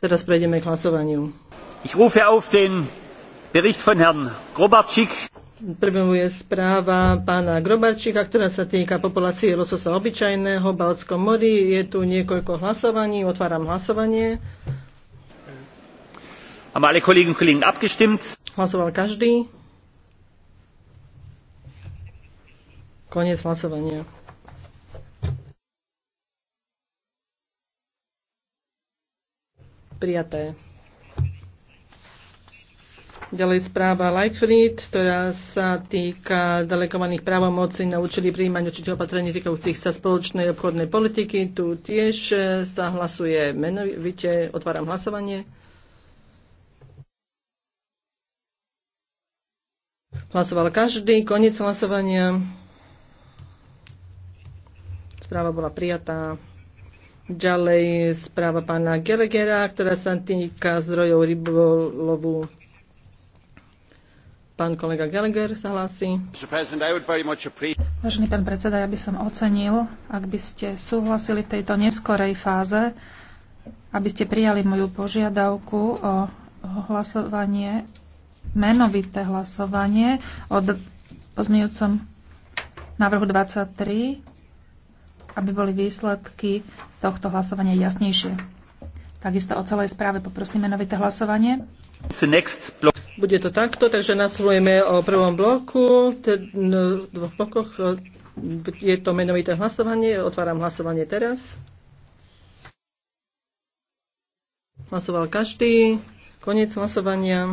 Teraz prejdeme k hlasovaniu. Ich rufe auf den Bericht von Herrn Grobarczyk. Prvom je správa pána Grobarčíka, ktorá sa týka populácie lososa obyčajného v Balckom mori. Je tu niekoľko hlasovaní. Otváram hlasovanie. Haben alle Kolleginnen und Kollegen abgestimmt? Hlasoval každý. Konec hlasovania. prijaté. Ďalej správa Lightfleet, ktorá sa týka delegovaných právomocí na účely príjmania určitých opatrení týkajúcich sa spoločnej obchodnej politiky. Tu tiež e, sa hlasuje menovite. Otváram hlasovanie. Hlasoval každý. Koniec hlasovania. Správa bola prijatá. Ďalej správa pána Gelegera, ktorá sa týka zdrojov rybolovu. Pán kolega Gallagher sa hlási. Vážený pán predseda, ja by som ocenil, ak by ste súhlasili v tejto neskorej fáze, aby ste prijali moju požiadavku o hlasovanie, menovité hlasovanie o pozmejúcom návrhu 23, aby boli výsledky tohto hlasovania jasnejšie. Takisto o celej správe poprosíme novité hlasovanie. Bude to takto, takže nasledujeme o prvom bloku, v no, dvoch blokoch. Je to menovité hlasovanie, otváram hlasovanie teraz. Hlasoval každý, koniec hlasovania.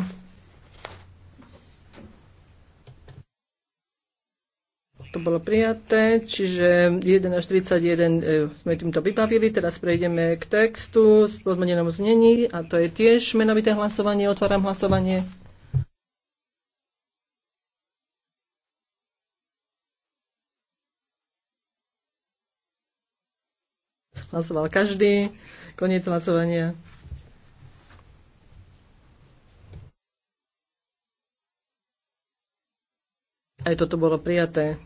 to bolo prijaté, čiže 1 až 31 e, sme týmto vybavili. Teraz prejdeme k textu s pozmenenom znení a to je tiež menovité hlasovanie. Otváram hlasovanie. Hlasoval každý. Koniec hlasovania. Aj toto bolo prijaté.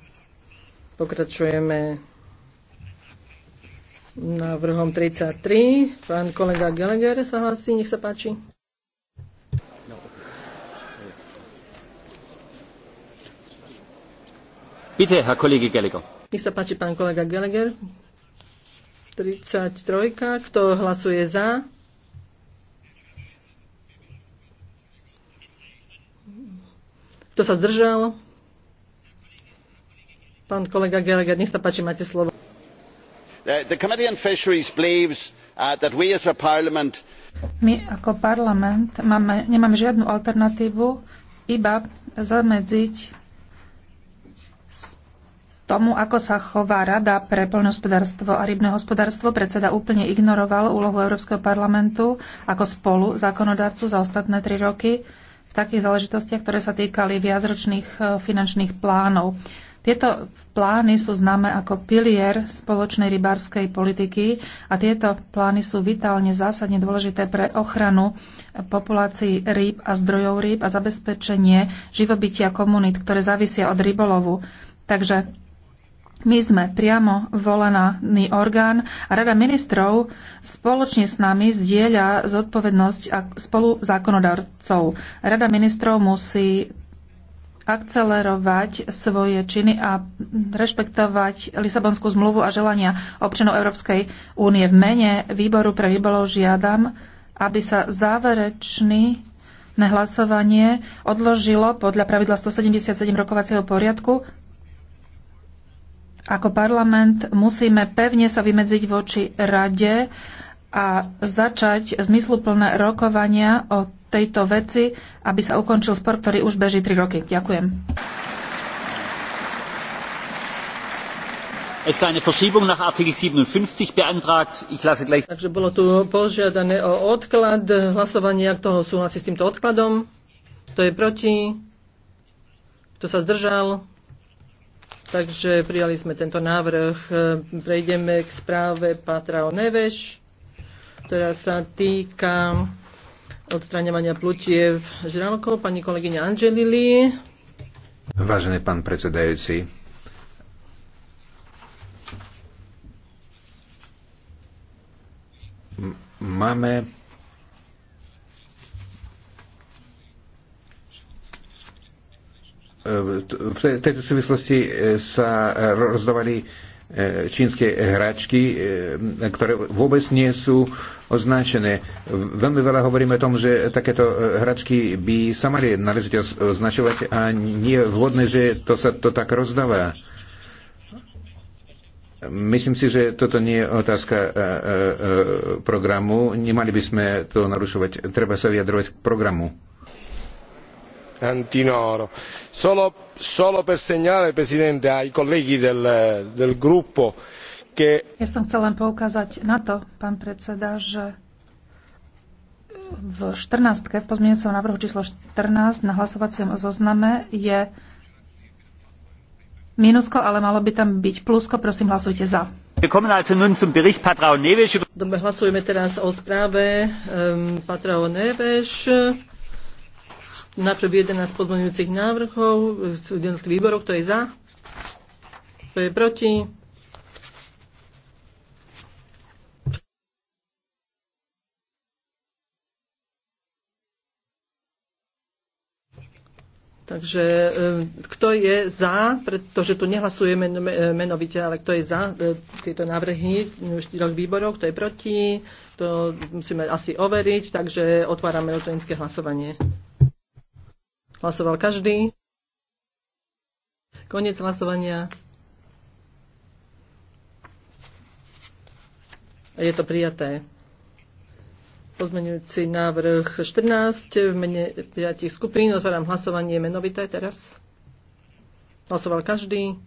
Pokračujeme návrhom 33. Pán kolega Gallagher sa hlasí, nech sa páči. Bitte, Herr Kollege Gallagher. Nech sa páči, pán kolega Gallagher. 33. Kto hlasuje za? Kto sa zdržal? Pán kolega Gallagher, nech sa páči, máte slovo. The Committee on Fisheries believes uh, that we as a parliament my ako parlament máme, nemáme žiadnu alternatívu, iba zamedziť tomu, ako sa chová Rada pre poľnohospodárstvo a rybné hospodárstvo. Predseda úplne ignoroval úlohu Európskeho parlamentu ako spolu zákonodarcu za ostatné tri roky v takých záležitostiach, ktoré sa týkali viacročných eh, finančných plánov. Tieto plány sú známe ako pilier spoločnej rybárskej politiky a tieto plány sú vitálne zásadne dôležité pre ochranu populácií rýb a zdrojov rýb a zabezpečenie živobytia komunít, ktoré závisia od rybolovu. Takže my sme priamo volený orgán a Rada ministrov spoločne s nami zdieľa zodpovednosť a spolu zákonodarcov. Rada ministrov musí akcelerovať svoje činy a rešpektovať Lisabonskú zmluvu a želania občanov Európskej únie. V mene výboru pre rybolov žiadam, aby sa záverečný hlasovanie odložilo podľa pravidla 177 rokovacieho poriadku. Ako parlament musíme pevne sa vymedziť voči rade a začať zmysluplné rokovania o tejto veci, aby sa ukončil spor, ktorý už beží 3 roky. Ďakujem. Es sei eine Verschiebung nach Artikel 57 beantragt. Ich lasse gleich... Takže bolo tu požiadané o odklad hlasovania. toho súhlasí s týmto odkladom? Kto je proti? Kto sa zdržal? Takže prijali sme tento návrh. Prejdeme k správe Patra Neveš, ktorá sa týka odstraňovania plutiev žralkov, pani kolegyňa Angelili. Vážený pán predsedajúci, máme v tejto súvislosti sa rozdávali E, čínske hračky, e, ktoré vôbec nie sú označené. Veľmi veľa hovoríme o tom, že takéto e, hračky by sa mali náležite označovať a nie je vhodné, že to sa to tak rozdáva. Myslím si, že toto nie je otázka programu. Nemali by sme to narušovať. Treba sa vyjadrovať k programu antinoro solo, per segnalare presidente ai colleghi del, gruppo che ja som chcel len poukázať na to pán predseda že v 14. v pozmeňujúcom návrhu číslo 14 na hlasovacom zozname je minusko, ale malo by tam byť plusko. Prosím, hlasujte za. Dobre, hlasujeme teraz o správe um, Patrao Neveš najprv 11 pozmeňujúcich návrhov jednotlivých výborov, kto je za, kto je proti. Takže e, kto je za, pretože tu nehlasujeme e, menovite, ale kto je za e, tieto návrhy štyroch výborov, kto je proti, to musíme asi overiť, takže otvárame elektronické hlasovanie. Hlasoval každý. Konec hlasovania. Je to prijaté. Pozmeňujúci návrh 14 v mene 5 skupín. Otváram hlasovanie menovité teraz. Hlasoval každý.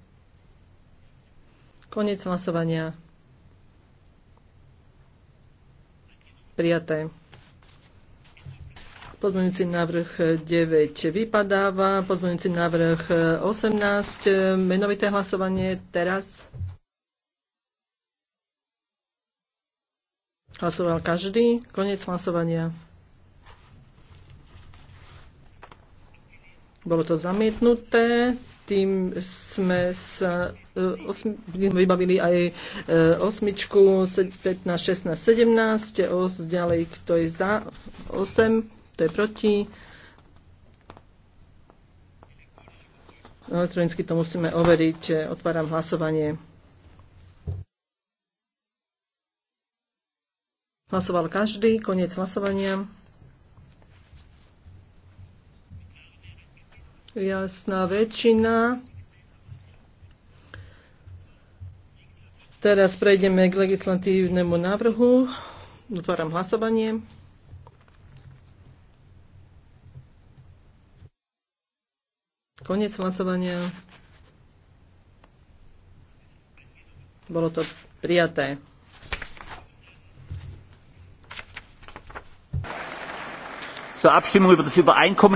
Konec hlasovania. Prijaté. Pozmeňujúci návrh 9 vypadáva. Pozmeňujúci návrh 18. E, e, menovité hlasovanie teraz. Hlasoval každý. Konec hlasovania. Bolo to zamietnuté. Tým sme sa e, vybavili aj osmičku 15, 16, 17. Os, ďalej, kto je za 8 kto je proti? Elektronicky to musíme overiť. Otváram hlasovanie. Hlasoval každý. Koniec hlasovania. Jasná väčšina. Teraz prejdeme k legislatívnemu návrhu. Otváram hlasovanie. Konec hlasovania. Bolo to prijaté.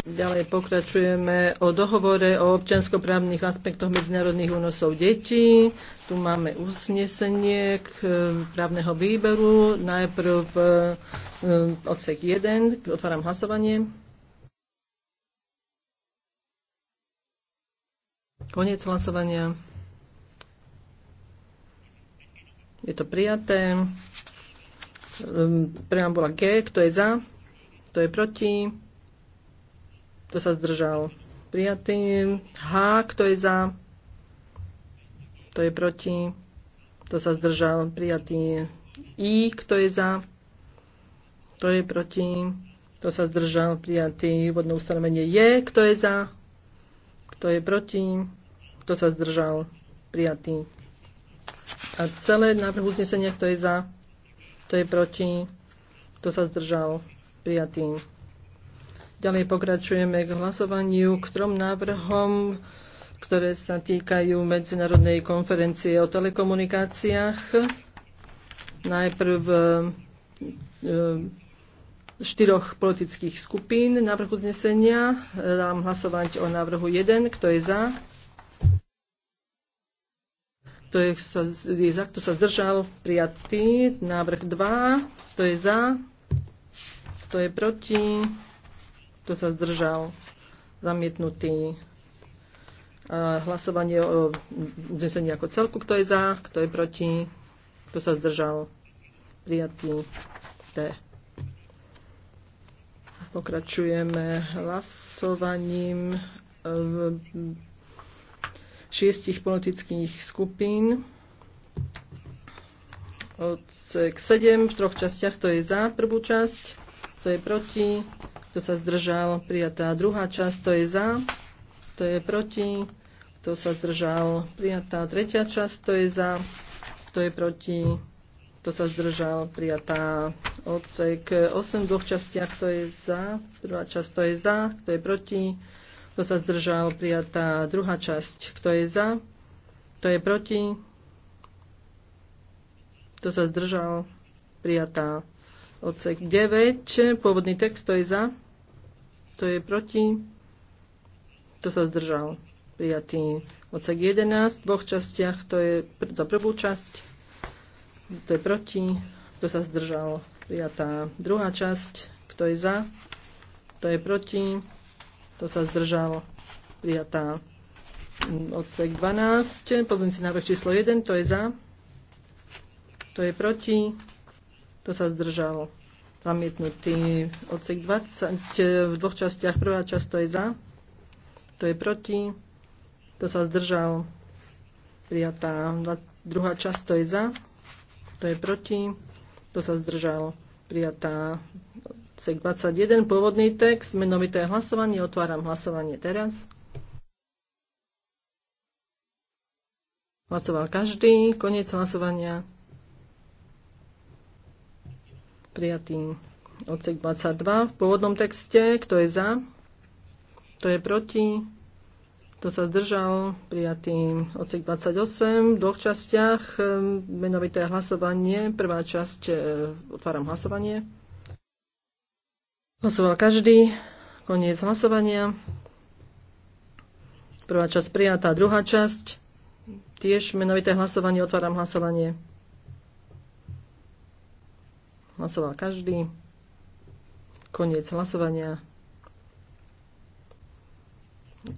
Ďalej pokračujeme o dohovore o občianskoprávnych aspektoch medzinárodných únosov detí. Tu máme uznesenie k e, právneho výberu. Najprv e, e, odsek 1. Otváram hlasovanie. Koniec hlasovania. Je to prijaté. Ehm, preambula G. Kto je za? Kto je proti? Kto sa zdržal? Prijatý. H. Kto je za? Kto je proti? Kto sa zdržal? Prijatý. I. Kto je za? Kto je proti? Kto sa zdržal? Prijatý. Úvodné ustanovenie je. Kto je za? Kto je proti? Kto sa zdržal? Prijatý. A celé návrh uznesenia, kto je za? Kto je proti? Kto sa zdržal? Prijatý. Ďalej pokračujeme k hlasovaniu k trom návrhom, ktoré sa týkajú Medzinárodnej konferencie o telekomunikáciách. Najprv e, e, štyroch politických skupín návrhu znesenia. E, dám hlasovať o návrhu 1. Kto je za? to je, je za, kto sa zdržal, prijatý. Návrh 2, to je za, kto je proti, kto sa zdržal, zamietnutý. A hlasovanie o uznesení ako celku, kto je za, kto je proti, kto sa zdržal, prijatý. T. Pokračujeme hlasovaním šiestich politických skupín. Odsek 7 v troch častiach, to je za prvú časť, to je proti, kto sa zdržal, prijatá druhá časť, to je za, to je proti, kto sa zdržal, prijatá tretia časť, to je za, to je proti, kto sa zdržal, prijatá odsek 8 v dvoch častiach, to je za, prvá časť, to je za, kto je proti, kto sa zdržal? Prijatá druhá časť. Kto je za? Kto je proti? Kto sa zdržal? Prijatá odsek 9. Pôvodný text. Kto je za? Kto je proti? Kto sa zdržal? Prijatý odsek 11 v dvoch častiach. To je pr- za prvú časť. Kto je proti? Kto sa zdržal? Prijatá druhá časť. Kto je za? Kto je proti? To sa zdržal, prijatá. Odsek 12, pozmeňujúci návrh číslo 1, to je za, to je proti, to sa zdržal, zamietnutý. Odsek 20 v dvoch častiach, prvá časť to je za, to je proti, to sa zdržal, prijatá. Druhá časť to je za, to je proti, to sa zdržal, prijatá Sek 21, pôvodný text, menovité hlasovanie, otváram hlasovanie teraz. Hlasoval každý, koniec hlasovania. Prijatý odsek 22 v pôvodnom texte, kto je za, kto je proti, kto sa zdržal, prijatý odsek 28 v dvoch častiach, menovité hlasovanie, prvá časť, e, otváram hlasovanie. Hlasoval každý. Koniec hlasovania. Prvá časť prijatá, druhá časť. Tiež menovité hlasovanie, otváram hlasovanie. Hlasoval každý. Koniec hlasovania.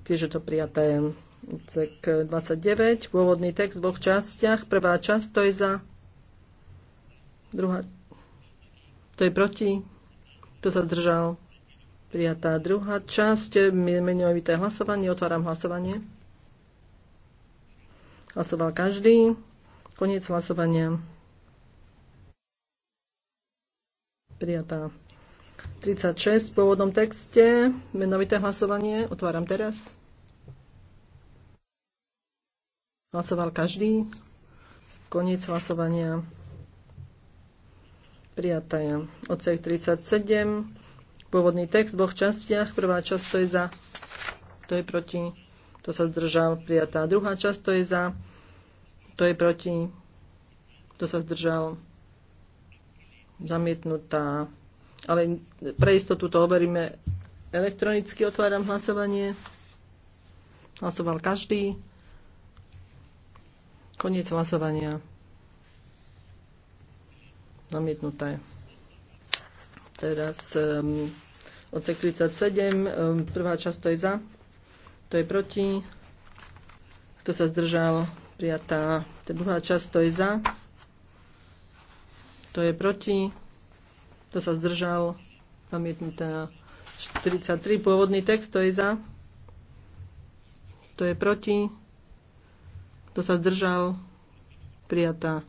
Tiež je to prijaté cek 29, pôvodný text v dvoch častiach. Prvá časť to je za, druhá to je proti. Kto sa držal? Prijatá druhá časť. Menovité hlasovanie. Otváram hlasovanie. Hlasoval každý. Koniec hlasovania. Prijatá. 36 v pôvodnom texte. Menovité hlasovanie. Otváram teraz. Hlasoval každý. Koniec hlasovania je. Ocek 37, pôvodný text v dvoch častiach. Prvá časť to je za, to je proti, to sa zdržal, prijatá. Druhá časť to je za, to je proti, to sa zdržal, zamietnutá. Ale pre istotu to overíme elektronicky. Otváram hlasovanie. Hlasoval každý. Koniec hlasovania namietnuté. Teraz um, odsek 37, um, prvá časť to je za, to je proti, kto sa zdržal, prijatá. Tá druhá časť to je za, to je proti, kto sa zdržal, namietnuté. 43, pôvodný text, to je za, to je proti, kto sa zdržal, prijatá.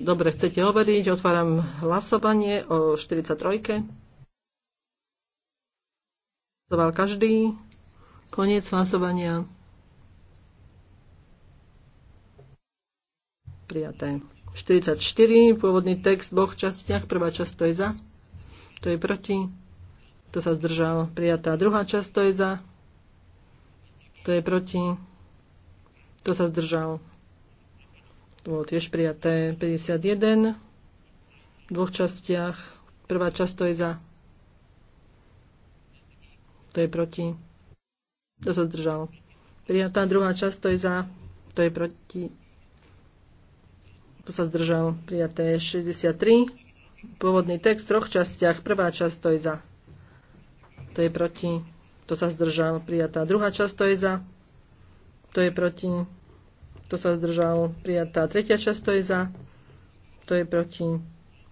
Dobre, chcete overiť? Otváram hlasovanie o 43. Hlasoval každý. Koniec hlasovania. Prijaté. 44. Pôvodný text v dvoch častiach. Prvá časť to je za. To je proti. To sa zdržal. Prijatá. Druhá časť to je za. To je proti. To sa zdržal. To bolo tiež prijaté 51 v dvoch častiach. Prvá časť to je za. To je proti. To sa zdržalo. Prijatá druhá časť to je za. To je proti. To sa zdržalo. Prijaté 63. Pôvodný text v troch častiach. Prvá časť to je za. To je proti. To sa zdržalo. Prijatá druhá časť to je za. To je proti kto sa zdržal, prijatá. Tretia časť, to je za, to je proti,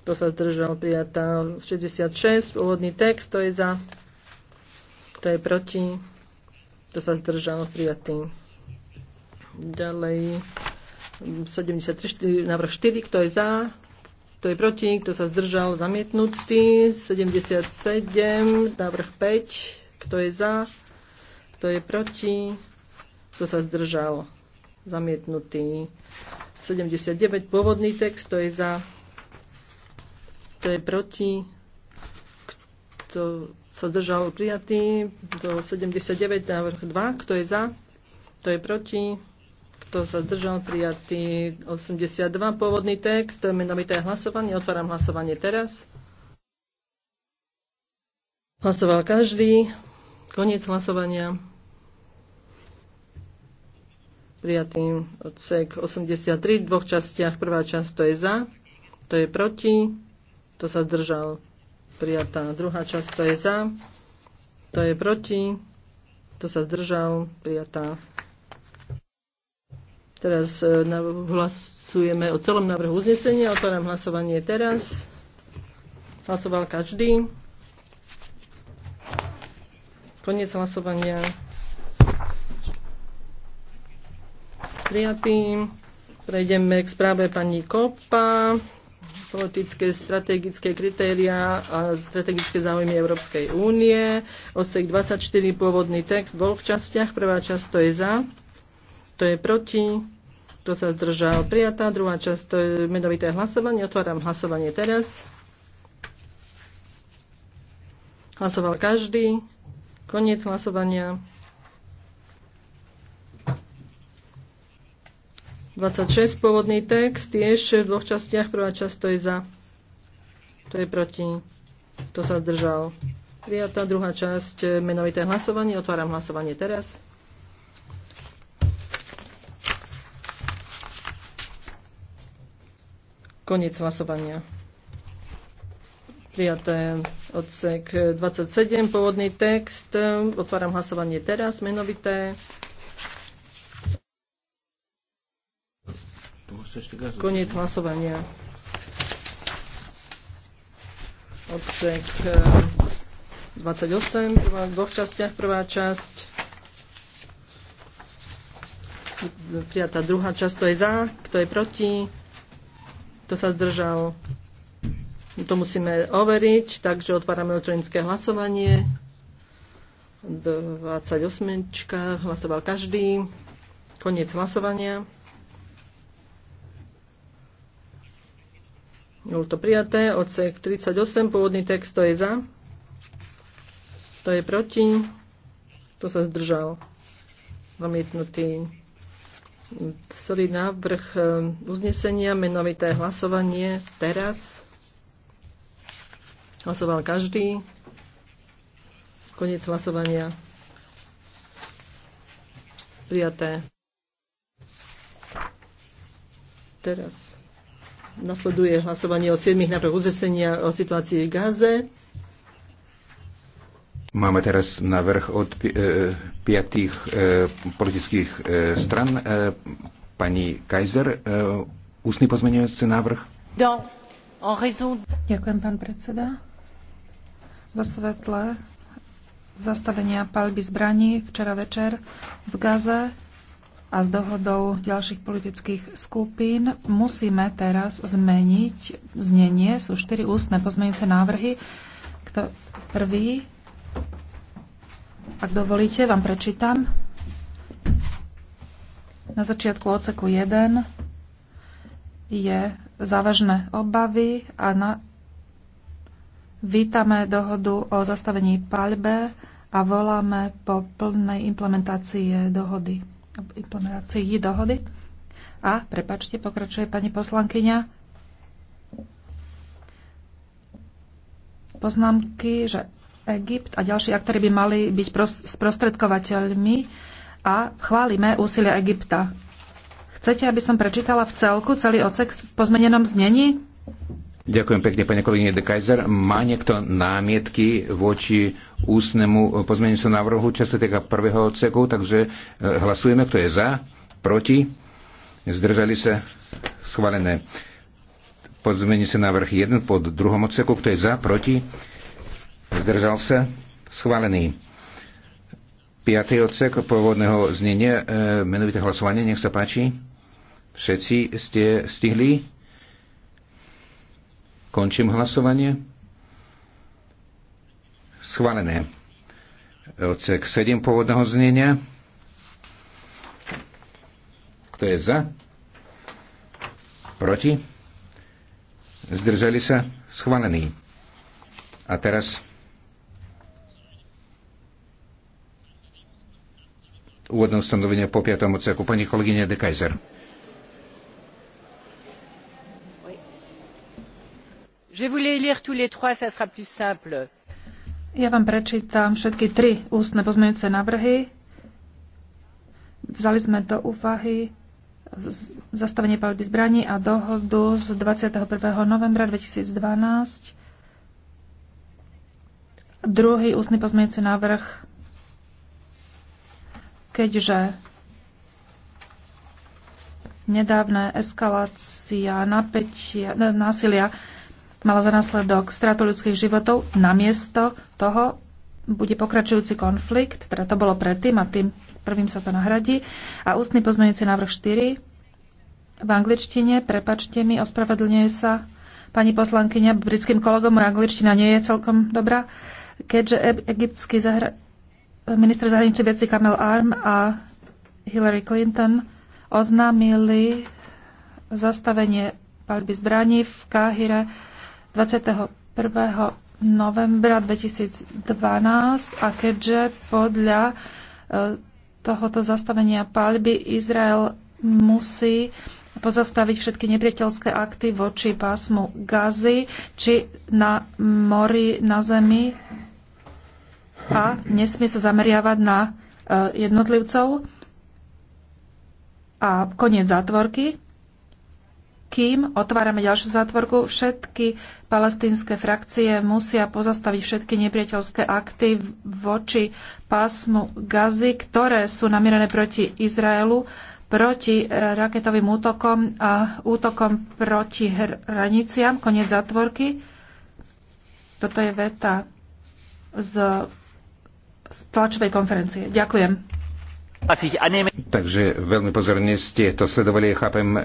kto sa zdržal, prijatá. 66, úvodný text, to je za, to je proti, kto sa zdržal, prijatý. Ďalej 73, návrh 4, kto je za, kto je proti, kto sa zdržal, zamietnutý. 77, návrh 5, kto je za, kto je proti, kto sa zdržal, zamietnutý. 79 pôvodný text, to je za, to je proti, kto sa držal prijatý, do 79 návrh 2, kto je za, kto je proti, kto sa držal prijatý, 82 pôvodný text, menovité hlasovanie, otváram hlasovanie teraz. Hlasoval každý, koniec hlasovania prijatý odsek 83 v dvoch častiach. Prvá časť to je za, to je proti, to sa zdržal prijatá. Druhá časť to je za, to je proti, to sa zdržal prijatá. Teraz e, hlasujeme o celom návrhu uznesenia. Otváram hlasovanie teraz. Hlasoval každý. Koniec hlasovania. prijatý. Prejdeme k správe pani Kopa. Politické, strategické kritéria a strategické záujmy Európskej únie. Odsek 24, pôvodný text, bol v častiach. Prvá časť to je za, to je proti, to sa zdržal prijatá. Druhá časť to je medovité hlasovanie. Otváram hlasovanie teraz. Hlasoval každý. Koniec hlasovania. 26, pôvodný text, ešte v dvoch častiach. Prvá časť to je za, to je proti, to sa zdržal. Prijatá druhá časť, menovité hlasovanie. Otváram hlasovanie teraz. Koniec hlasovania. Prijaté odsek 27, pôvodný text. Otváram hlasovanie teraz, menovité. Koniec hlasovania. Odsek 28, eh, prvá, v dvoch častiach prvá časť. Prijatá druhá časť, to je za, kto je proti, kto sa zdržal. To musíme overiť, takže otvárame elektronické hlasovanie. 28. Hlasoval každý. Koniec hlasovania. Bolo to prijaté. Odsek 38, pôvodný text, to je za. To je proti. To sa zdržal. Zamietnutý. Celý návrh e, uznesenia, menovité hlasovanie teraz. Hlasoval každý. Koniec hlasovania. Prijaté. Teraz Nasleduje hlasovanie o 7 návrh uznesenia o situácii v Gáze. Máme teraz návrh od pi- e, piatých e, politických e, stran. E, pani Kaiser, e, ústny pozmeňujúci návrh. No, Ďakujem, pán predseda. Vo svetle zastavenia palby zbraní včera večer v Gaze a s dohodou ďalších politických skupín musíme teraz zmeniť znenie. Sú štyri ústne pozmeňujúce návrhy. Kto prvý, ak dovolíte, vám prečítam. Na začiatku odseku 1 je závažné obavy a na... vítame dohodu o zastavení paľbe a voláme po plnej implementácii dohody implementácii dohody. A, prepačte, pokračuje pani poslankyňa, poznámky, že Egypt a ďalší aktéry by mali byť sprostredkovateľmi a chválime úsilie Egypta. Chcete, aby som prečítala v celku celý ocek v pozmenenom znení? Ďakujem pekne, pani kolegyne de Kaiser. Má niekto námietky voči ústnemu pozmeniciu návrhu, čo sa týka prvého odseku, takže e, hlasujeme, kto je za, proti, zdržali sa, schválené. Pozmení sa návrh 1 pod druhom odseku, kto je za, proti, zdržal sa, schválený. Piatý odsek pôvodného znenia, e, menovité hlasovanie, nech sa páči. Všetci ste stihli? Končím hlasovanie. Schválené. Odsek 7 pôvodného znenia. Kto je za? Proti? Zdržali sa? Schválený. A teraz úvodné ustanovenie po 5. odseku. Pani kolegyne de Kaiser. Ja vám prečítam všetky tri ústne pozmeňujúce návrhy. Vzali sme do úvahy zastavenie palby zbraní a dohodu z 21. novembra 2012. Druhý ústny pozmeňujúci návrh, keďže nedávne eskalácia napätia, násilia mala za následok stratu ľudských životov. Namiesto toho bude pokračujúci konflikt, teda to bolo predtým a tým prvým sa to nahradí. A ústny pozmeňujúci návrh 4 v angličtine, prepačte mi, ospravedlňuje sa pani poslankyňa britským kolegom, moja angličtina nie je celkom dobrá, keďže egyptský zahra- minister zahraničných vecí Kamel Arm a Hillary Clinton oznámili zastavenie palby zbraní v Káhire 21. novembra 2012 a keďže podľa e, tohoto zastavenia palby Izrael musí pozastaviť všetky nepriateľské akty voči pásmu Gazy, či na mori, na zemi a nesmie sa zameriavať na e, jednotlivcov a koniec zátvorky kým otvárame ďalšiu zátvorku, všetky palestínske frakcie musia pozastaviť všetky nepriateľské akty voči pásmu Gazy, ktoré sú namierené proti Izraelu, proti e, raketovým útokom a útokom proti hraniciam, koniec zatvorky. Toto je veta z, z tlačovej konferencie. Ďakujem. Takže veľmi pozorne ste to sledovali. Chápem, e,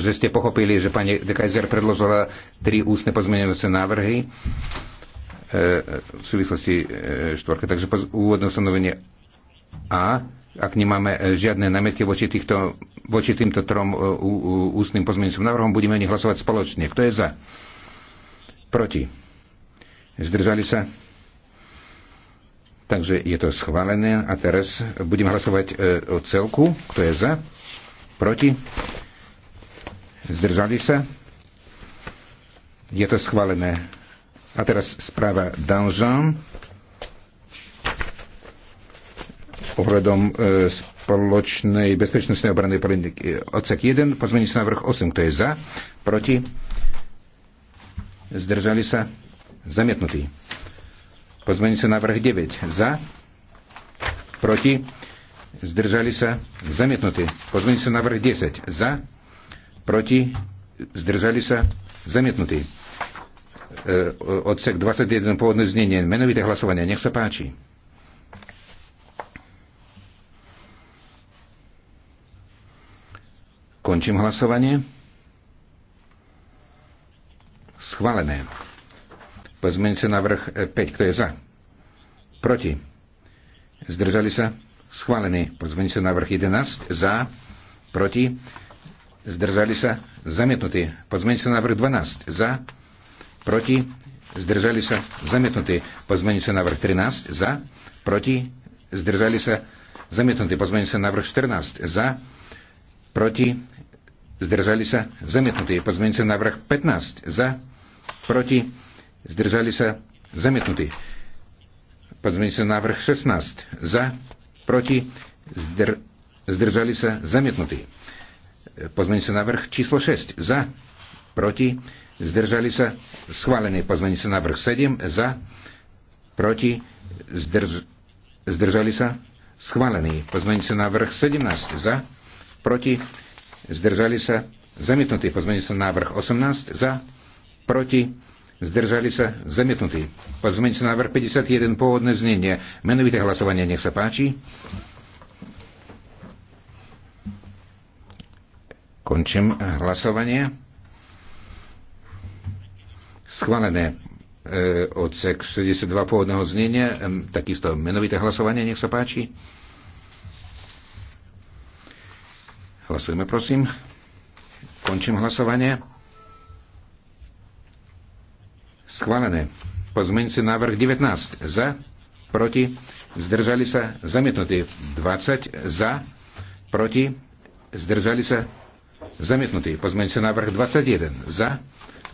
že ste pochopili, že pani de Kaiser predložila tri ústne pozmeňujúce návrhy e, v súvislosti e, štvorka. Takže úvodné stanovenie A, ak nemáme žiadne námietky voči, týchto, voči týmto trom ústnym pozmeňujúcim návrhom, budeme o nich hlasovať spoločne. Kto je za? Proti? Zdržali sa? Takže je to schválené a teraz budem hlasovať e, o celku. Kto je za? Proti? Zdržali sa? Je to schválené. A teraz správa Danžan ohľadom e, spoločnej bezpečnostnej obrany politiky. E, odsek 1, pozmení sa návrh 8. Kto je za? Proti? Zdržali sa? Zamietnutý. Pozmeňujúci návrh 9. Za. Proti. Zdržali sa. Zamietnutý. Pozmeňujúci návrh 10. Za. Proti. Zdržali sa. Zamietnutý. E, odsek 21. Pôvodné znenie. Menovité hlasovanie. Nech sa páči. Končím hlasovanie. Schválené. Pozmeň sa na vrch 5. E, kto je za? Proti. Zdržali sa? Schválený. Pozmeň sa na vrch 11. Za. Proti. Zdržali sa? Zamietnutý. Pozmeň sa na vrch 12. Za. Proti. Zdržali sa? Zamietnutý. Pozmeň sa na vrch 13. Za. Proti. Zdržali sa? Zamietnutý. Pozmeň sa na vrch 14. Za. Proti. Zdržali sa? Zamietnutý. Pozmeň sa na vrch 15. Za. Proti zdržali sa, Zamietnutí. zamietnutý. sa návrh 16, za, proti, zdr, zdržali sa, Zamietnutí. zamietnutý. sa návrh číslo 6, za, proti, zdržali sa, schválený. sa návrh 7, za, proti, zdrž, zdržali sa, schválený. sa návrh 17, za, proti, zdržali sa, zamietnutý. sa návrh 18, za, proti, Zdržali sa? Zamietnutý. Pozmeňte návrh 51, pôvodné znenie. Menovité hlasovanie, nech sa páči. Končím hlasovanie. Schválené e, odsek 62 pôvodného znenia, e, takisto menovité hlasovanie, nech sa páči. Hlasujeme, prosím. Končím hlasovanie. Schválené. Pozmeňujúci návrh 19. Za. Proti. Zdržali sa. Zamietnutý. 20. Za. Proti. Zdržali sa. Zamietnutý. Pozmeňujúci návrh 21. Za.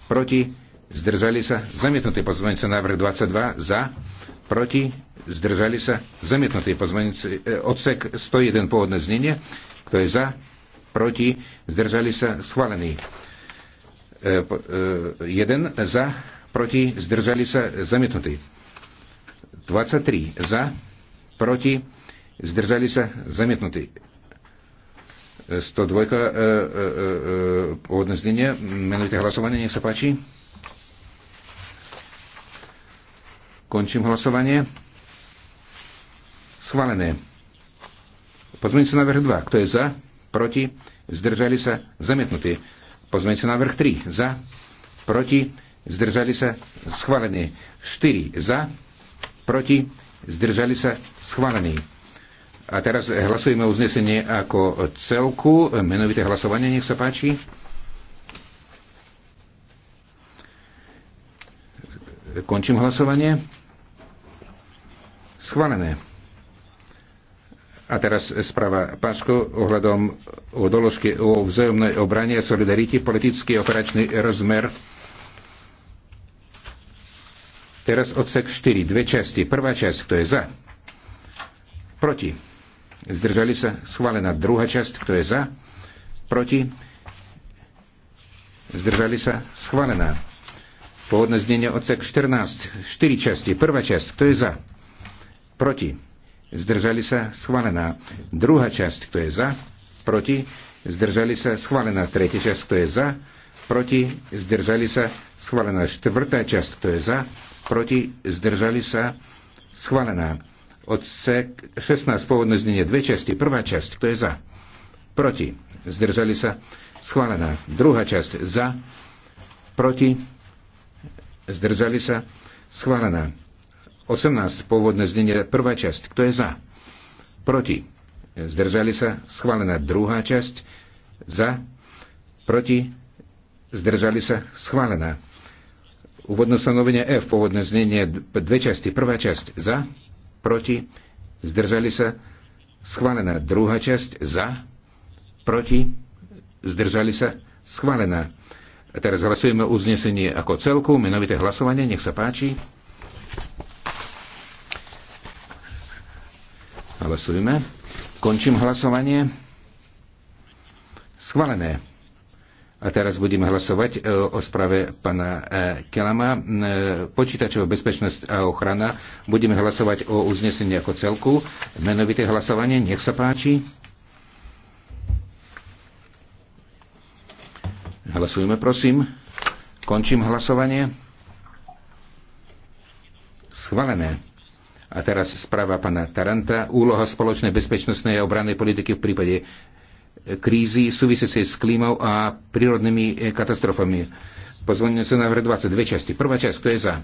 Proti. Zdržali sa. Zamietnutý. Pozmeňujúci návrh 22. Za. Proti. Zdržali sa. Zamietnutý. Pozmeňujúci e, odsek 101. Pôvodné znenie. Kto je za? Proti. Zdržali sa. Schválený. 1 e, e, za proti, zdržali sa, zamietnutí. 23 za, proti, zdržali sa, zamietnutí. 102 e, e, e, e, pôvodné znenie, menovité hlasovanie, nech sa páči. Končím hlasovanie. Schválené. Pozmeňte sa na vrch 2. Kto je za? Proti? Zdržali sa? Zamietnutí. na vrch 3. Za? Proti? zdržali sa, schválené. 4 za, proti, zdržali sa, schválené. A teraz hlasujeme o uznesenie ako celku. Menovité hlasovanie, nech sa páči. Končím hlasovanie. Schválené. A teraz správa Paško ohľadom o doložke o vzájomnej obrane a solidarite politický operačný rozmer Teraz odsek 4, dve časti. Prvá časť, kto je za? Proti. Zdržali sa. Schválená druhá časť, kto je za? Proti. Zdržali sa. Schválená. Pôvodné znenie odsek 14, 4 časti. Prvá časť, kto je za? Proti. Zdržali sa, schválená. Druhá časť, kto je za? Proti. Zdržali sa, schválená. Tretia časť, kto je za? Proti. Zdržali sa, schválená. Štvrtá časť, kto je za? proti, zdržali sa, schválená. Odsek 16, pôvodné znenie, dve časti. Prvá časť, kto je za? Proti, zdržali sa, schválená. Druhá časť, za, proti, zdržali sa, schválená. 18, pôvodné znenie, prvá časť, kto je za? Proti, zdržali sa, schválená. Druhá časť, za, proti, zdržali sa, schválená. Úvodné stanovenie F, pôvodné znenie, dve časti. Prvá časť za, proti, zdržali sa. Schválená druhá časť za, proti, zdržali sa. Schválená. A teraz hlasujeme o uznesení ako celku, menovité hlasovanie, nech sa páči. Hlasujeme. Končím hlasovanie. Schválené. A teraz budeme hlasovať e, o sprave pana e, Kelama. E, počítačová bezpečnosť a ochrana. Budeme hlasovať o uznesení ako celku. Menovité hlasovanie, nech sa páči. Hlasujeme, prosím. Končím hlasovanie. Schválené. A teraz správa pana Taranta. Úloha spoločnej bezpečnostnej a obrannej politiky v prípade krízy súvisiacej s klímou a prírodnými eh, katastrofami. Pozvanie sa návrh 22 časti. Prvá časť, kto je za?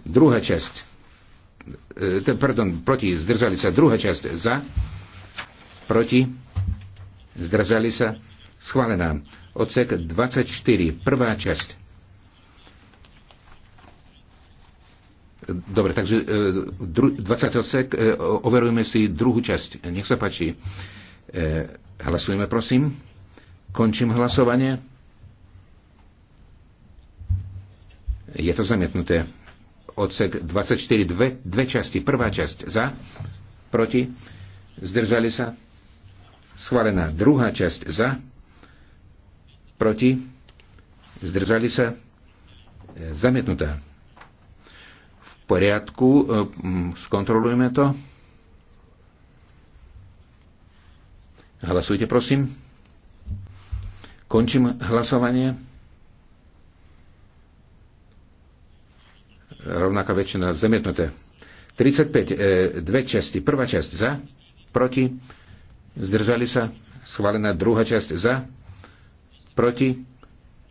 Druhá časť, e, pardon, proti, zdržali sa. Druhá časť, za, proti, zdržali sa. Schválená. Odsek 24, prvá časť. Dobre, takže 20 eh, odsek, overujeme si druhú časť. Nech sa páči. E, Hlasujeme, prosím. Končím hlasovanie. Je to zamietnuté. Odsek 24, dve, dve časti. Prvá časť za, proti, zdržali sa. Schválená druhá časť za, proti, zdržali sa. Zamietnutá. V poriadku, e, skontrolujeme to. Hlasujte, prosím. Končím hlasovanie. Rovnaká väčšina zamietnuté. 35, e, dve časti. Prvá časť za, proti, zdržali sa, schválená druhá časť za, proti,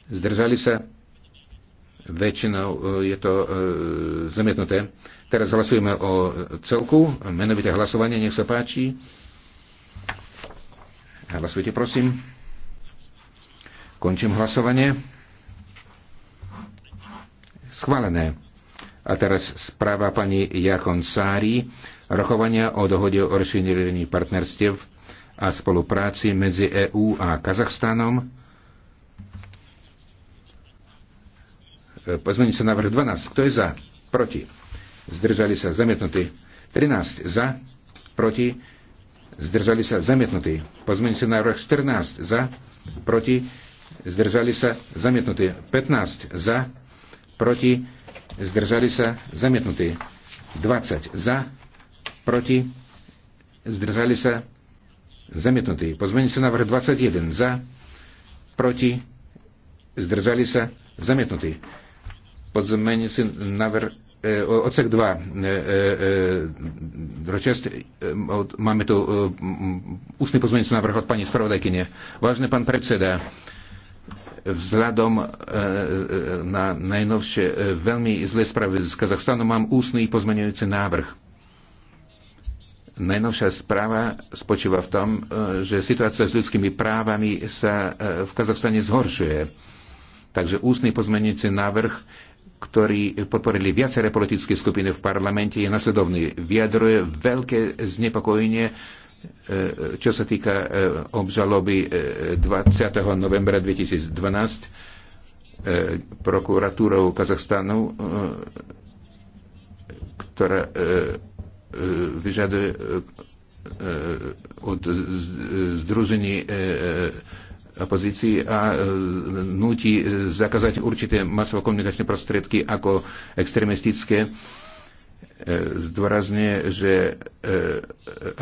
zdržali sa, väčšinou e, je to e, zamietnuté. Teraz hlasujeme o celku, menovité hlasovanie, nech sa páči. Hlasujte, prosím. Končím hlasovanie. Schválené. A teraz správa pani Jakon Sári. Rokovania o dohode o rozšírení partnerstiev a spolupráci medzi EÚ a Kazachstanom. Pozmení sa návrh 12. Kto je za? Proti. Zdržali sa zamietnutí. 13 za, proti zdržali sa zamietnutí. Pozmeňujúci návrh 14 za, proti, zdržali sa zamietnutí. 15 za, proti, zdržali sa zamietnutí. 20 za, proti, zdržali sa zamietnutí. Pozmeňujúci návrh 21 za, proti, zdržali sa zamietnutí. Pozmeňujúci návrh E, odsek 2, e, e, ročasť, máme tu ústny pozmeňujúci návrh od pani spravodajkyne. Vážne pán predseda, vzhľadom na najnovšie veľmi zlé správy z Kazachstanu mám ústny pozmeňujúci návrh. Najnovšia správa spočíva v tom, že situácia s ľudskými právami sa v Kazachstane zhoršuje. Takže ústny pozmeňujúci návrh ktorý podporili viaceré politické skupiny v parlamente, je nasledovný. Vyjadruje veľké znepokojenie, e, čo sa týka e, obžaloby 20. E, novembra 2012 prokuratúrou Kazachstanu, ktorá vyžaduje od združení opozícii a e, nutí e, zakázať určité masové komunikačné prostriedky ako extremistické. E, zdôrazne, že e,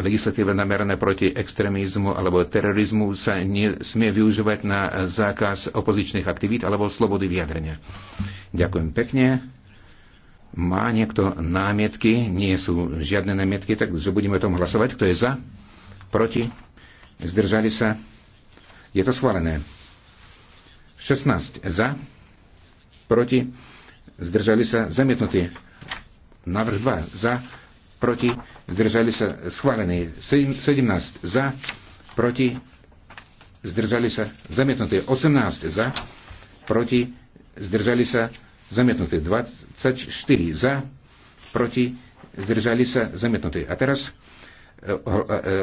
legislatíva namerané proti extrémizmu alebo terorizmu sa nesmie využívať na zákaz opozičných aktivít alebo slobody vyjadrenia. Ďakujem pekne. Má niekto námietky? Nie sú žiadne námietky, takže budeme o tom hlasovať. Kto je za? Proti? Zdržali sa? Je to schválené. 16 za, proti, zdržali sa zamietnutí. Návrh 2 za, proti, zdržali sa schválení. 17 za, proti, zdržali sa zamietnutí. 18 za, proti, zdržali sa zamietnutí. 24 za, proti, zdržali sa zamietnutí. A teraz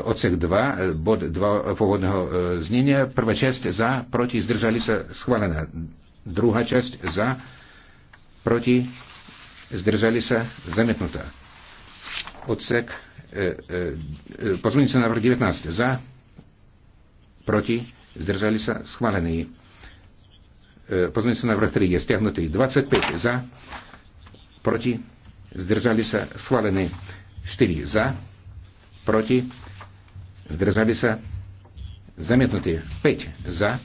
odsek 2, bod 2 pôvodného e, znenia. Prvá časť za, proti, zdržali sa, schválená. Druhá časť za, proti, zdržali sa, zamietnutá. Odsek, e, e, e pozmeňujúci návrh 19, za, proti, zdržali sa, schválený. E, pozmeňujúci návrh 3 je stiahnutý. 25 za, proti, zdržali sa, schválený. 4 za, proti, zdržali sa, zamietnutí 5 za,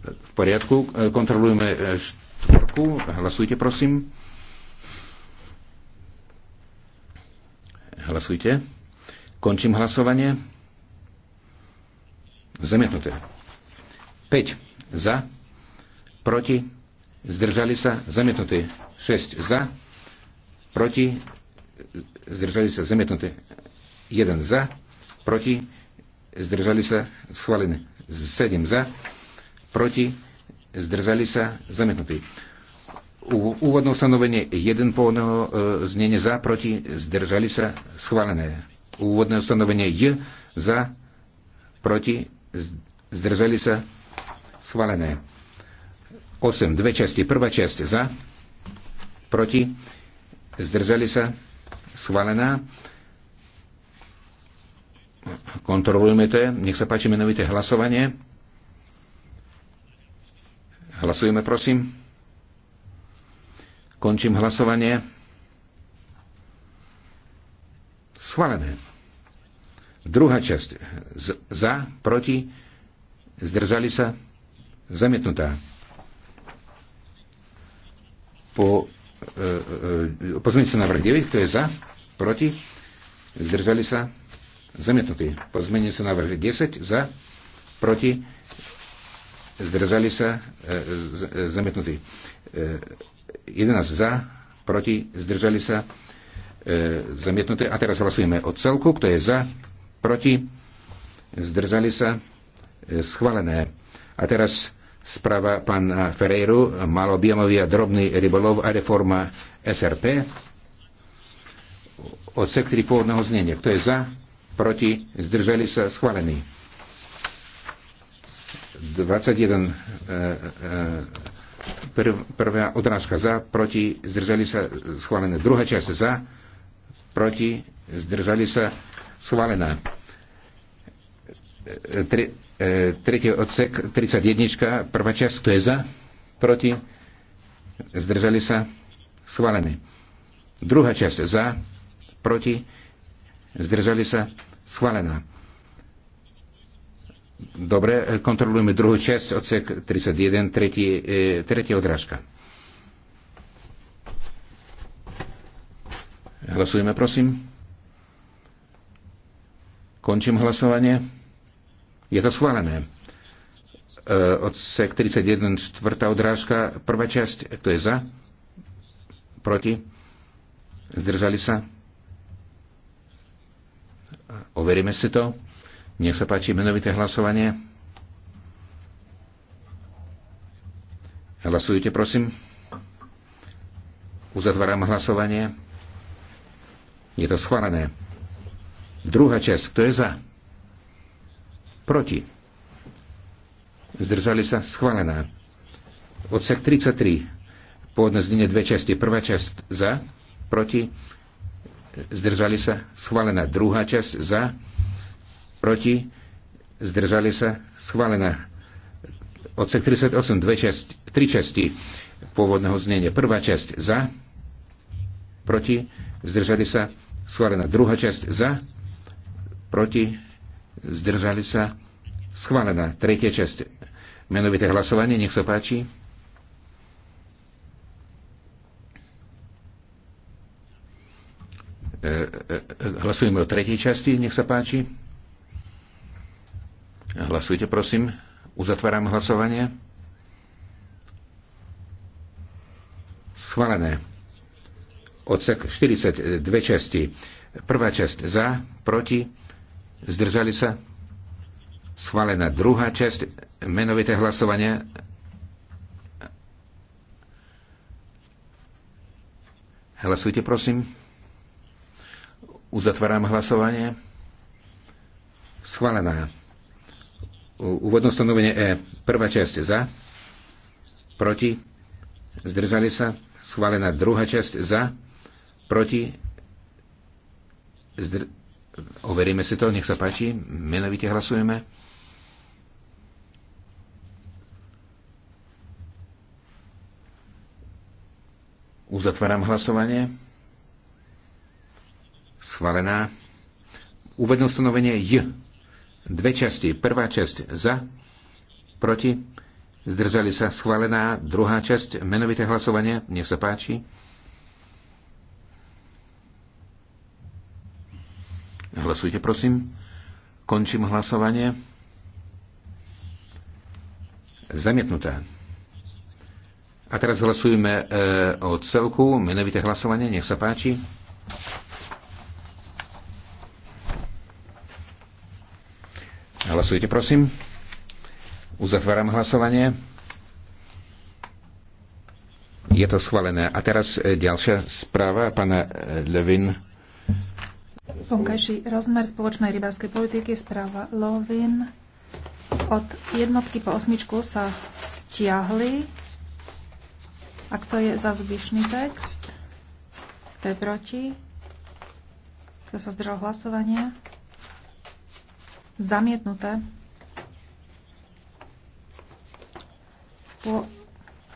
v poriadku, e, kontrolujeme e, štvorku, hlasujte prosím. Hlasujte. Končím hlasovanie. Zamietnuté. 5 za, proti, zdržali sa, zamietnuté. 6 za, proti, zdržali sa, zamietnuté. 1 za, proti, zdržali sa schválené. 7 za, proti, zdržali sa zamietnutí. Úvodné ustanovenie 1 pôvodného e, znenia za, proti, zdržali sa schválené. Úvodné ustanovenie J za, proti, zdržali sa schválené. 8, dve časti. Prvá časť za, proti, zdržali sa schválená. Kontrolujme to. Nech sa páči menovité hlasovanie. Hlasujeme, prosím. Končím hlasovanie. Schválené. Druhá časť. Z, za, proti, zdržali sa, zamietnutá. Po, e, e, pozrite sa vrch 9, kto je za, proti, zdržali sa, Zamietnutý. Pozmenie sa e, e, e, návrh 10 za, proti, zdržali sa, e, zamietnutý. E, 11 za, proti, zdržali sa, e, zamietnuté. A teraz hlasujeme o celku, kto je za, proti, zdržali sa, e, schválené. A teraz správa pána Ferreiru, malobjemový a drobný rybolov a reforma SRP. Odsek 3 pôvodného znenia. Kto je za? proti, zdržali sa schválený. 21 e, e, prv, prvá odrážka za, proti, zdržali sa schválené. Druhá časť za, proti, zdržali sa schválená. E, Tre, tretí odsek, 31, prvá časť, kto je za, proti, zdržali sa schválené. Druhá časť za, proti, zdržali sa Schválená. Dobre, e, kontrolujeme druhú časť, odsek 31, tretí, e, tretie odrážka. Hlasujeme, prosím. Končím hlasovanie. Je to schválené. E, odsek 31, štvrtá odrážka, prvá časť, kto je za? Proti? Zdržali sa? Overíme si to. Nech sa páči menovité hlasovanie. Hlasujte, prosím. Uzatváram hlasovanie. Je to schválené. Druhá časť. Kto je za? Proti. Zdržali sa? Schválená. Odsek 33. Pôvodné znenie dve časti. Prvá časť za, proti, zdržali sa, schválená. Druhá časť za, proti, zdržali sa, schválená. Odsek 38, dve časť, tri časti pôvodného znenia. Prvá časť za, proti, zdržali sa, schválená. Druhá časť za, proti, zdržali sa, schválená. Tretia časť, menovité hlasovanie, nech sa páči. E, e, e, hlasujeme o tretej časti, nech sa páči. Hlasujte, prosím. Uzatváram hlasovanie. Schválené. Odsek 42 časti. Prvá časť za, proti, zdržali sa. Schválená druhá časť, menovité hlasovanie. Hlasujte, prosím. Uzatváram hlasovanie. Schválená. Úvodné stanovenie E. Prvá časť za. Proti. Zdržali sa. Schválená druhá časť za. Proti. Zdr... Overíme si to, nech sa páči. Menovite hlasujeme. Uzatváram hlasovanie schválená. Úvodné ustanovenie J. Dve časti. Prvá časť za, proti, zdržali sa schválená. Druhá časť, menovité hlasovanie, nech sa páči. Hlasujte, prosím. Končím hlasovanie. Zamietnutá. A teraz hlasujeme e, o celku, menovité hlasovanie, nech sa páči. Hlasujte, prosím. Uzatváram hlasovanie. Je to schválené. A teraz e, ďalšia správa pána e, Levin. Vonkajší rozmer spoločnej rybárskej politiky, správa Lovin. Od jednotky po osmičku sa stiahli. A kto je za zvyšný text? Kto je proti? Kto sa zdržal hlasovania? Zamietnuté.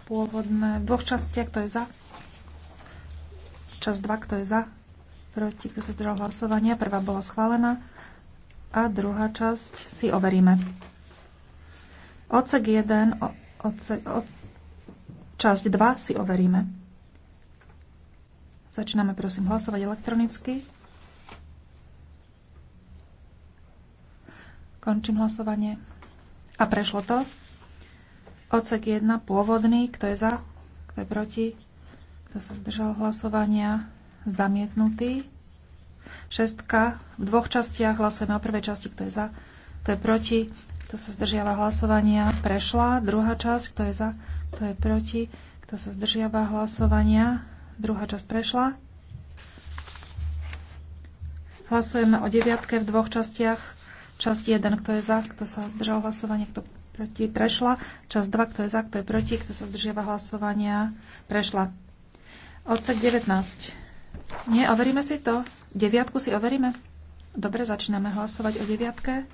Pôvodné v dvoch častiach, kto je za. Časť 2, kto je za. Proti, kto sa zdržal hlasovania. Prvá bola schválená. A druhá časť si overíme. Odsek 1, odsek, od, časť 2 si overíme. Začíname prosím hlasovať elektronicky. Končím hlasovanie. A prešlo to. Odsek 1 pôvodný. Kto je za? Kto je proti? Kto sa zdržal hlasovania? Zamietnutý. Šestka. V dvoch častiach hlasujeme o prvej časti. Kto je za? Kto je proti? Kto sa zdržiava hlasovania? Prešla. Druhá časť. Kto je za? Kto je proti? Kto sa zdržiava hlasovania? Druhá časť prešla. Hlasujeme o deviatke v dvoch častiach. Časť 1, kto je za, kto sa zdržal hlasovania, kto proti, prešla. Časť 2, kto je za, kto je proti, kto sa zdržiava hlasovania, prešla. Odsek 19. Nie, overíme si to. Deviatku si overíme. Dobre, začíname hlasovať o deviatke.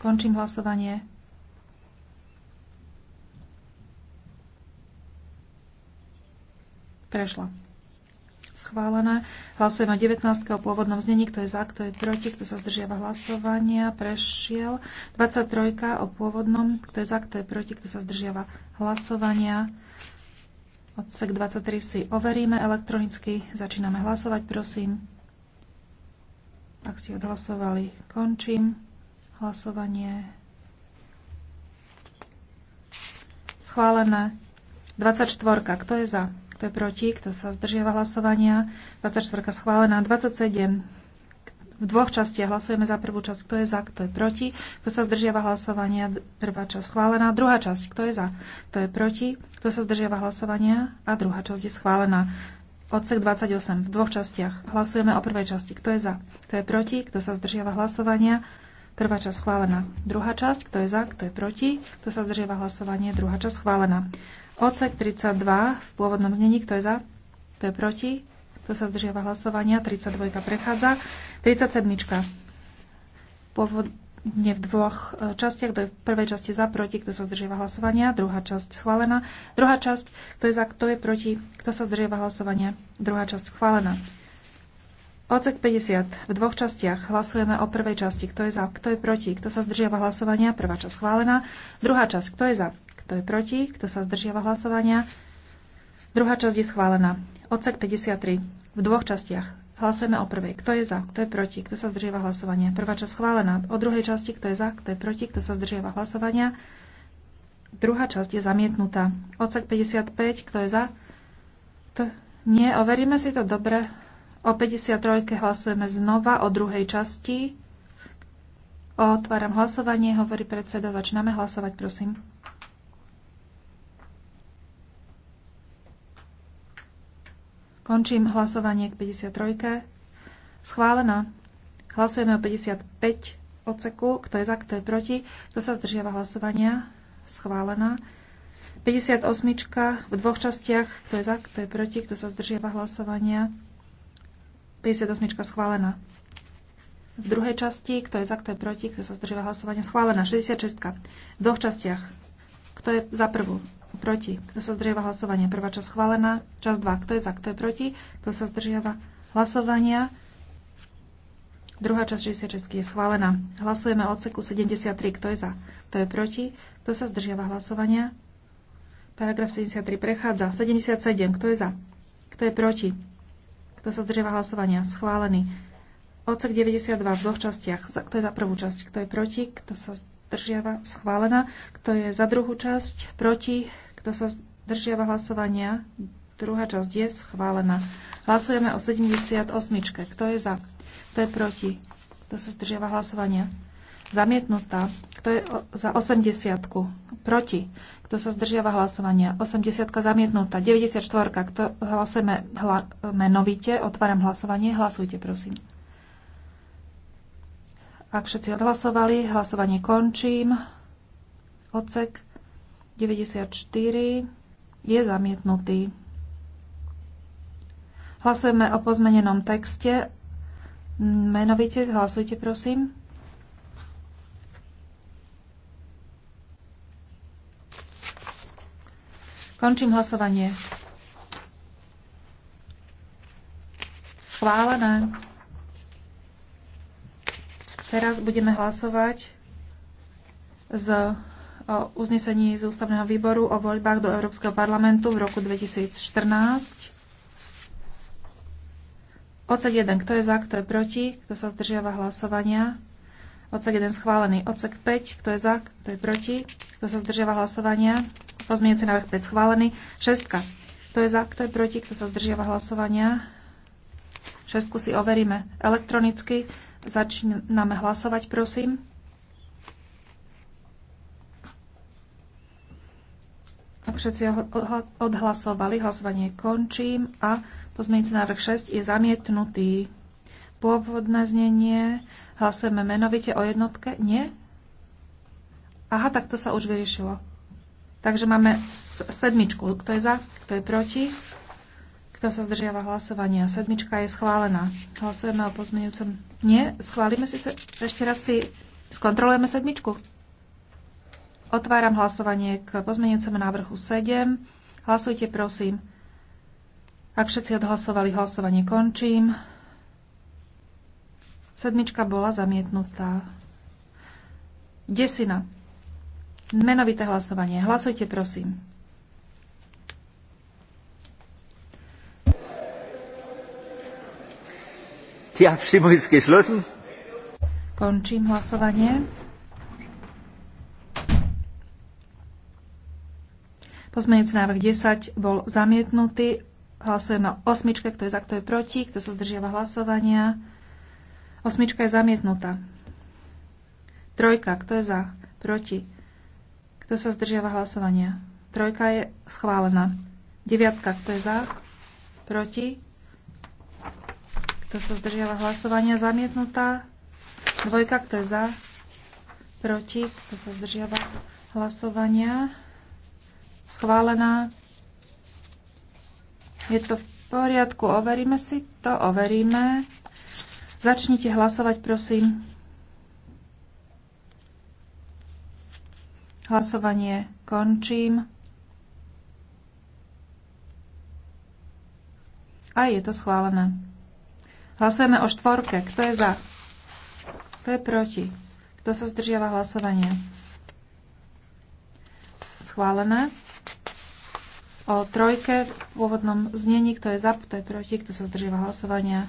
Končím hlasovanie. Prešla schválené. Hlasujeme o 19. o pôvodnom znení, kto je za, kto je proti, kto sa zdržiava hlasovania, prešiel. 23. o pôvodnom, kto je za, kto je proti, kto sa zdržiava hlasovania. Odsek 23 si overíme elektronicky. Začíname hlasovať, prosím. Ak ste odhlasovali, končím hlasovanie. Schválené. 24. Kto je za? Kto je proti? Kto sa zdržiava hlasovania? 24. schválená. 27. V dvoch častiach hlasujeme za prvú časť. Kto je za? Kto je proti? Kto sa zdržiava hlasovania? Prvá časť schválená. Druhá časť. Kto je za? Kto je proti? Kto sa zdržiava hlasovania? A druhá časť je schválená. Odsek 28. V dvoch častiach. Hlasujeme o prvej časti. Kto je za? Kto je proti? Kto sa zdržiava hlasovania? Prvá časť schválená. Druhá časť. Kto je za? Kto je proti? Kto sa zdržiava hlasovanie? Druhá časť schválená. Odsek 32 v pôvodnom znení, kto je za, kto je proti, kto sa zdržiava hlasovania, 32 prechádza, 37 pôvodne v dvoch e, častiach, kto je v prvej časti za, proti, kto sa zdržiava hlasovania, druhá časť schválená, druhá časť, kto je za, kto je proti, kto sa zdržiava hlasovania, druhá časť schválená. Odsek 50. V dvoch častiach hlasujeme o prvej časti. Kto je za, kto je proti, kto sa zdržiava hlasovania. Prvá časť schválená. Druhá časť. Kto je za, kto je proti? Kto sa zdržiava hlasovania? Druhá časť je schválená. Odsek 53. V dvoch častiach. Hlasujeme o prvej. Kto je za? Kto je proti? Kto sa zdržiava hlasovania? Prvá časť schválená. O druhej časti. Kto je za? Kto je proti? Kto sa zdržiava hlasovania? Druhá časť je zamietnutá. Odsek 55. Kto je za? Kto... Nie, overíme si to dobre. O 53. hlasujeme znova o druhej časti. Otváram hlasovanie, hovorí predseda. Začíname hlasovať, prosím. Končím hlasovanie k 53. Schválená. Hlasujeme o 55 odseku. Kto je za, kto je proti. Kto sa zdržiava hlasovania? Schválená. 58. v dvoch častiach. Kto je za, kto je proti. Kto sa zdržiava hlasovania? 58. schválená. V druhej časti, kto je za, kto je proti, kto sa zdržíva hlasovania, schválená 66. V dvoch častiach. Kto je za prvú? proti. Kto sa zdržiava hlasovania? Prvá časť schválená. Časť 2. Kto je za? Kto je proti? Kto sa zdržiava hlasovania? Druhá časť 66 je schválená. Hlasujeme o odseku 73. Kto je za? Kto je proti? Kto sa zdržiava hlasovania? Paragraf 73 prechádza. 77. Kto je za? Kto je proti? Kto sa zdržiava hlasovania? Schválený. Odsek 92 v dvoch častiach. Kto je za prvú časť? Kto je proti? Kto sa zdržiava schválená. Kto je za druhú časť proti? Kto sa zdržiava hlasovania? Druhá časť je schválená. Hlasujeme o 78. Kto je za? Kto je proti? Kto sa zdržiava hlasovania? Zamietnutá. Kto je za 80? Proti. Kto sa zdržiava hlasovania? 80 zamietnutá. 94. Kto hlasujeme hla, menovite? Otváram hlasovanie. Hlasujte, prosím. Ak všetci odhlasovali, hlasovanie končím. Odsek 94 je zamietnutý. Hlasujeme o pozmenenom texte. Menovite hlasujte, prosím. Končím hlasovanie. Schválené. Teraz budeme hlasovať z o uznesení z ústavného výboru o voľbách do Európskeho parlamentu v roku 2014. Odsek 1. Kto je za, kto je proti? Kto sa zdržiava hlasovania? Odsek 1 schválený. Odsek 5. Kto je za, kto je proti? Kto sa zdržiava hlasovania? Pozmienujúci návrh 5 schválený. 6. Kto je za, kto je proti? Kto sa zdržiava hlasovania? Šestku si overíme elektronicky. Začíname hlasovať, prosím. Ak všetci odhlasovali, hlasovanie končím a pozmeňujúci návrh 6 je zamietnutý. Pôvodné znenie, hlasujeme menovite o jednotke, nie? Aha, tak to sa už vyriešilo. Takže máme sedmičku. Kto je za, kto je proti? Kto sa zdržiava hlasovania? Sedmička je schválená. Hlasujeme o pozmeňujúcom... Nie? Schválime si... Se... Ešte raz si skontrolujeme sedmičku. Otváram hlasovanie k pozmeňujúcemu návrhu 7. Hlasujte, prosím. Ak všetci odhlasovali, hlasovanie končím. Sedmička bola zamietnutá. Desina. Menovité hlasovanie. Hlasujte, prosím. Die Abstimmung ist geschlossen. Končím hlasovanie. Pozmeňujúci návrh 10 bol zamietnutý. Hlasujeme o osmičke, kto je za, kto je proti, kto sa zdržiava hlasovania. Osmička je zamietnutá. Trojka, kto je za, proti, kto sa zdržiava hlasovania. Trojka je schválená. Deviatka, kto je za, proti, kto sa zdržiava hlasovania? Zamietnutá. Dvojka, kto je za? Proti. Kto sa zdržiava hlasovania? Schválená. Je to v poriadku. Overíme si to. Overíme. Začnite hlasovať, prosím. Hlasovanie končím. A je to schválené. Hlasujeme o štvorke. Kto je za? Kto je proti? Kto sa zdržiava hlasovania? Schválené. O trojke v pôvodnom znení, kto je za, kto je proti, kto sa zdržiava hlasovania.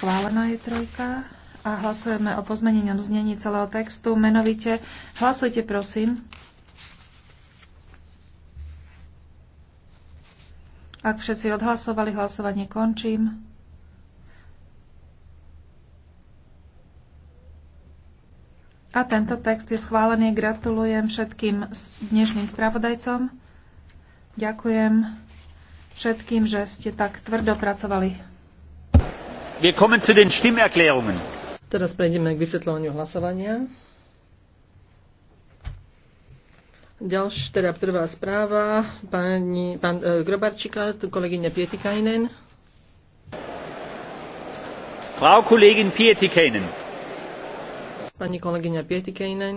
Schválená je trojka. A hlasujeme o pozmenenom znení celého textu. Menovite hlasujte, prosím. Ak všetci odhlasovali, hlasovanie končím. A tento text je schválený. Gratulujem všetkým dnešným spravodajcom. Ďakujem všetkým, že ste tak tvrdo pracovali. Teraz prejdeme k vysvetľovaniu hlasovania. Ďalšia, teda prvá správa, pani, pán e, Grobarčíka, tu kolegyňa Pietikainen. Frau Kollegin Pietikainen. Pani kolegyňa Pietikejnen.